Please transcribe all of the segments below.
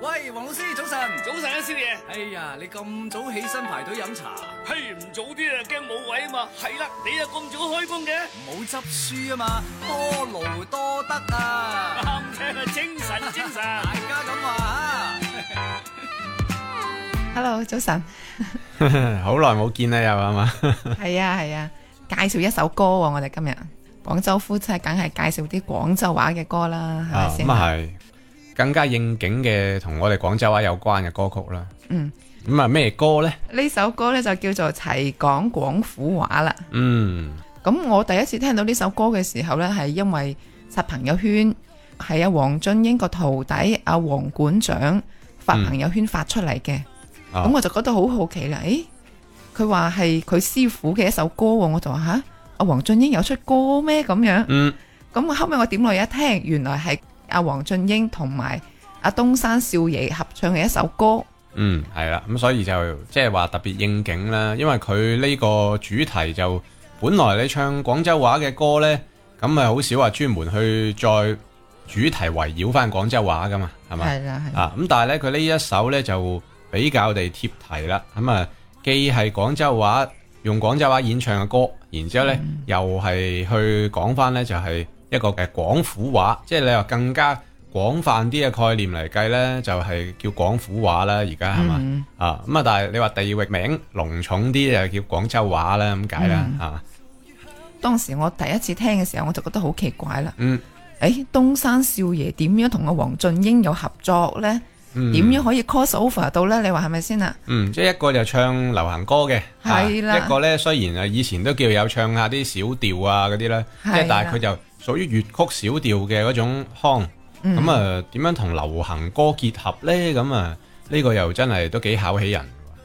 喂，黃老師，早晨！早晨啊，少爺！哎呀，你咁早起身排隊飲茶？嘿，唔早啲啊，驚冇位啊嘛！係啦，你又咁早開工嘅？唔好執輸啊嘛，多勞多得啊！啱聽啊，精神精神，大家咁話啊！Hello，早晨！好耐冇見啦，又係嘛？係啊係啊，介紹一首歌。我哋今日廣州夫妻梗係介紹啲廣州話嘅歌啦，係咪先？咁係。更加應景嘅同我哋廣州話有關嘅歌曲啦。嗯，咁啊咩歌咧？呢首歌咧就叫做齊講廣府話啦。嗯，咁我第一次聽到呢首歌嘅時候咧，係因為刷朋友圈係阿黃俊英個徒弟阿黃館長發朋友圈發出嚟嘅，咁我就覺得好好奇啦。誒，佢話係佢師父嘅一首歌，我就話吓，阿黃俊英有出歌咩咁樣？嗯，咁我後尾我點落去一聽，原來係。阿黃俊英同埋阿東山少爺合唱嘅一首歌，嗯，係啦，咁所以就即係話特別應景啦，因為佢呢個主題就本來你唱廣州話嘅歌呢，咁咪好少話專門去再主題圍繞翻廣州話噶嘛，係咪？係啦，係啊，咁但係呢，佢呢一首呢就比較地貼題啦，咁啊既係廣州話用廣州話演唱嘅歌，然之後呢、嗯、又係去講翻呢，就係、是。一個誒廣府話，即係你話更加廣泛啲嘅概念嚟計呢，就係、是、叫廣府話啦。而家係嘛啊，咁、嗯、啊，但係你話地域名隆重啲就叫廣州話啦，咁解啦、嗯、啊。當時我第一次聽嘅時候，我就覺得好奇怪啦。嗯，誒、欸，東山少爺點樣同阿黃俊英有合作呢？嗯，點樣可以 cross over 到呢？你話係咪先啊？嗯，即係一個就唱流行歌嘅，係啦、啊。一個呢雖然啊以前都叫有唱下啲小調啊嗰啲啦，即係但係佢就。屬於粵曲小調嘅嗰種腔，咁啊點樣同流行歌結合咧？咁啊呢個又真係都幾考起人。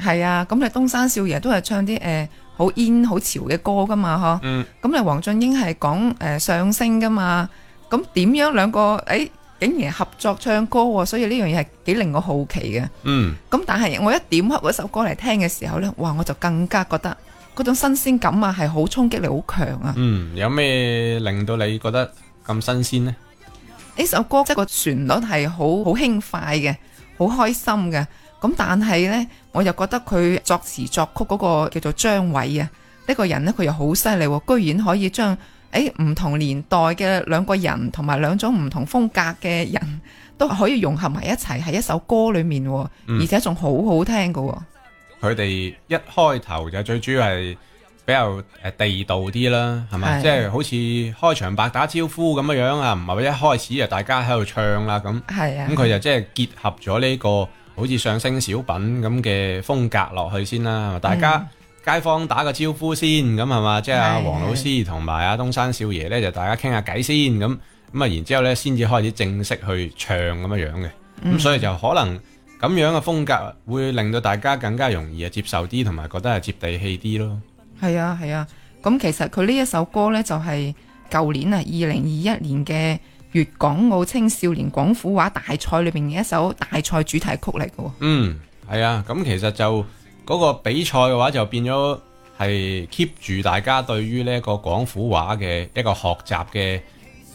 係啊，咁你東山少爺都係唱啲誒好煙好潮嘅歌噶嘛，嗬。咁你黃俊英係講誒相聲噶嘛，咁點樣兩個誒竟然合作唱歌喎？所以呢樣嘢係幾令我好奇嘅。嗯。咁但係我一點開嗰首歌嚟聽嘅時候咧，哇！我就更加覺得。嗰種新鮮感啊，係好衝擊力，好強啊！嗯，有咩令到你覺得咁新鮮呢？呢首歌即係個旋律係好好輕快嘅，好開心嘅。咁但係呢，我又覺得佢作詞作曲嗰個叫做張偉啊，呢、呢個人呢，佢又好犀利，居然可以將誒唔同年代嘅兩個人同埋兩種唔同風格嘅人都可以融合埋一齊喺一首歌裏面，啊，嗯、而且仲好好聽噶、啊。佢哋一開頭就最主要係比較誒地道啲啦，係咪？即係、啊、好似開場白打招呼咁樣樣啊，唔係一開始就大家喺度唱啦咁，咁佢、啊、就即係結合咗呢、呢個好似相聲小品咁嘅風格落去先啦，係嘛，嗯、大家街坊打個招呼先咁係嘛，即係阿黃老師同埋阿東山少爺呢，就大家傾下偈先咁，咁啊然之後咧先至開始正式去唱咁樣樣嘅，咁、嗯、所以就可能。咁樣嘅風格會令到大家更加容易啊接受啲，同埋覺得係接地氣啲咯。係啊，係啊。咁其實佢呢一首歌呢，就係、是、舊年啊，二零二一年嘅粵港澳青少年廣府話大賽裏面嘅一首大賽主題曲嚟㗎。嗯，係啊。咁其實就嗰、那個比賽嘅話，就變咗係 keep 住大家對於呢一個廣府話嘅一個學習嘅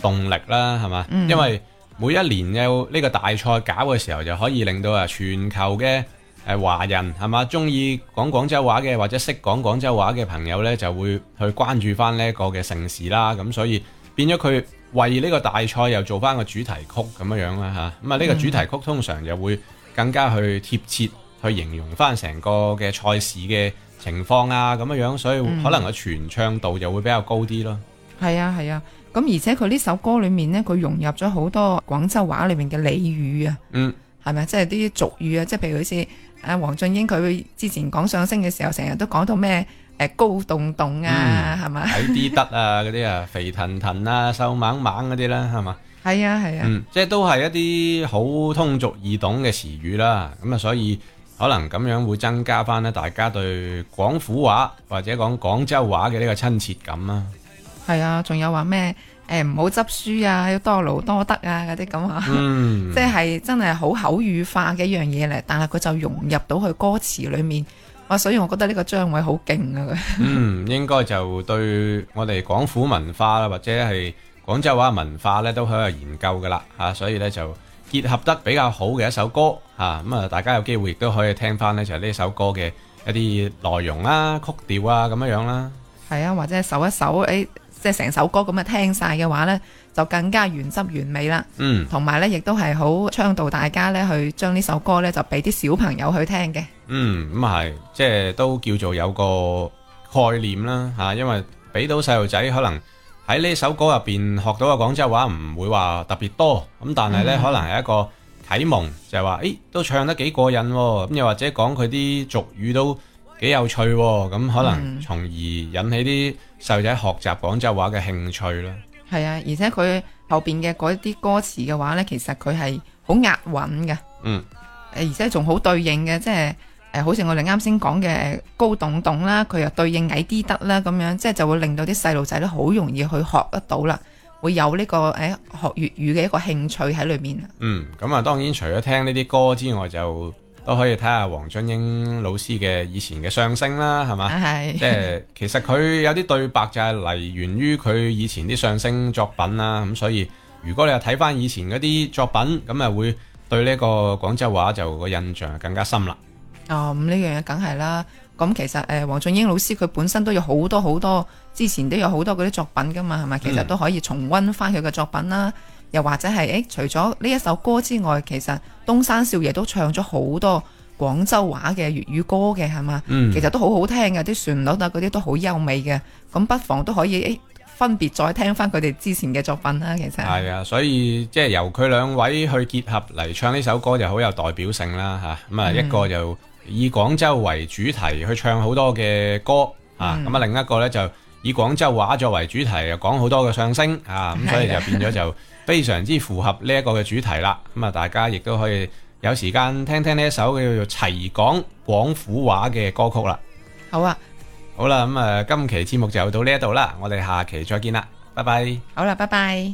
動力啦，係嘛？嗯、因為。每一年有呢個大賽搞嘅時候，就可以令到啊全球嘅誒華人，係嘛，中意講廣州話嘅或者識講廣州話嘅朋友呢，就會去關注翻呢個嘅盛事啦。咁所以變咗佢為呢個大賽又做翻個主題曲咁樣樣啦嚇。咁啊呢個主題曲通常就會更加去貼切去形容翻成個嘅賽事嘅情況啊咁樣樣，所以可能個傳唱度就會比較高啲咯。係啊，係啊。是啊。咁而且佢呢首歌裏面呢，佢融入咗好多廣州話裏面嘅俚語啊，嗯，係咪即係啲俗語啊？即係譬如好似阿黃俊英佢之前講相聲嘅時候，成日都講到咩誒高棟棟啊，係咪？嗯？吧「矮啲得啊嗰啲啊，肥騰騰啊，瘦猛猛嗰啲啦，係嘛？係啊，係啊，啊嗯，即係都係一啲好通俗易懂嘅詞語啦。咁啊，所以可能咁樣會增加翻呢大家對廣府話或者講廣州話嘅呢個親切感啊。係啊，仲有話咩？誒、欸，唔好執書啊，要多勞多得啊，嗰啲咁啊，即係、嗯、真係好口語化嘅一樣嘢嚟。但係佢就融入到佢歌詞裏面啊，所以我覺得呢個張偉好勁啊。嗯，應該就對我哋廣府文化啦，或者係廣州話文化呢，都喺度研究噶啦吓。所以呢，就結合得比較好嘅一首歌吓，咁啊，大家有機會亦都可以聽翻咧就係呢首歌嘅一啲內容啦、曲調啊咁樣樣啦。係啊，或者搜一搜誒。欸即係成首歌咁啊聽晒嘅話咧，就更加原汁原味啦。嗯，同埋咧，亦都係好倡導大家咧去將呢首歌咧就俾啲小朋友去聽嘅。嗯，咁啊係，即係都叫做有個概念啦嚇，因為俾到細路仔可能喺呢首歌入邊學到嘅廣州話唔會話特別多，咁但係咧可能係一個啟蒙，就係話誒都唱得幾過癮咁，又或者講佢啲俗語都。幾有趣喎，咁可能從而引起啲細路仔學習廣州話嘅興趣囉。係、嗯、啊，而且佢後面嘅嗰啲歌詞嘅話呢，其實佢係好押韻嘅。嗯。而且仲好對應嘅，即、就、係、係呃、好似我哋啱先講嘅高棟棟啦，佢又對應矮啲得啦，咁樣即係、就係、就會令到啲細路仔咧好容易去學得到啦，會有呢個學粵語嘅一個興趣喺裏面。嗯，咁啊，當然除咗聽呢啲歌之外就。都可以睇下黃俊英老師嘅以前嘅相聲啦，係嘛？即係 其實佢有啲對白就係嚟源於佢以前啲相聲作品啦，咁所以如果你又睇翻以前嗰啲作品，咁啊會對呢個廣州話就個印象更加深啦。哦，呢、嗯、樣嘢梗係啦。咁其實誒黃、呃、俊英老師佢本身都有好多好多之前都有好多嗰啲作品噶嘛，係咪？嗯、其實都可以重溫翻佢嘅作品啦。又或者係誒，除咗呢一首歌之外，其實東山少爺都唱咗好多廣州話嘅粵語歌嘅，係嘛？嗯、其實都好好聽嘅，啲旋律啊嗰啲都好優美嘅。咁不妨都可以誒，分別再聽返佢哋之前嘅作品啦。其實係啊，所以即係、就是、由佢兩位去結合嚟唱呢首歌就好有代表性啦嚇。咁啊，嗯嗯、一個就以廣州為主題去唱好多嘅歌啊。咁啊，嗯嗯、另一個呢就，以廣州話作為主題，又講好多嘅相聲啊，咁所以就變咗就非常之符合呢一個嘅主題啦。咁啊，大家亦都可以有時間聽聽呢一首叫做《齊講廣府話》嘅歌曲啦。好啊，好啦，咁啊，今期節目就到呢一度啦，我哋下期再見啦，拜拜。好啦，拜拜。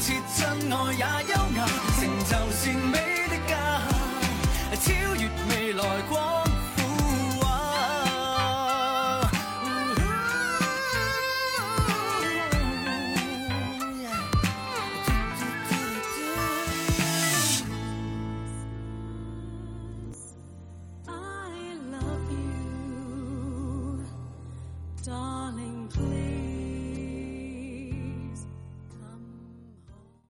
切真愛也優雅，成就善美的家，超越未來光。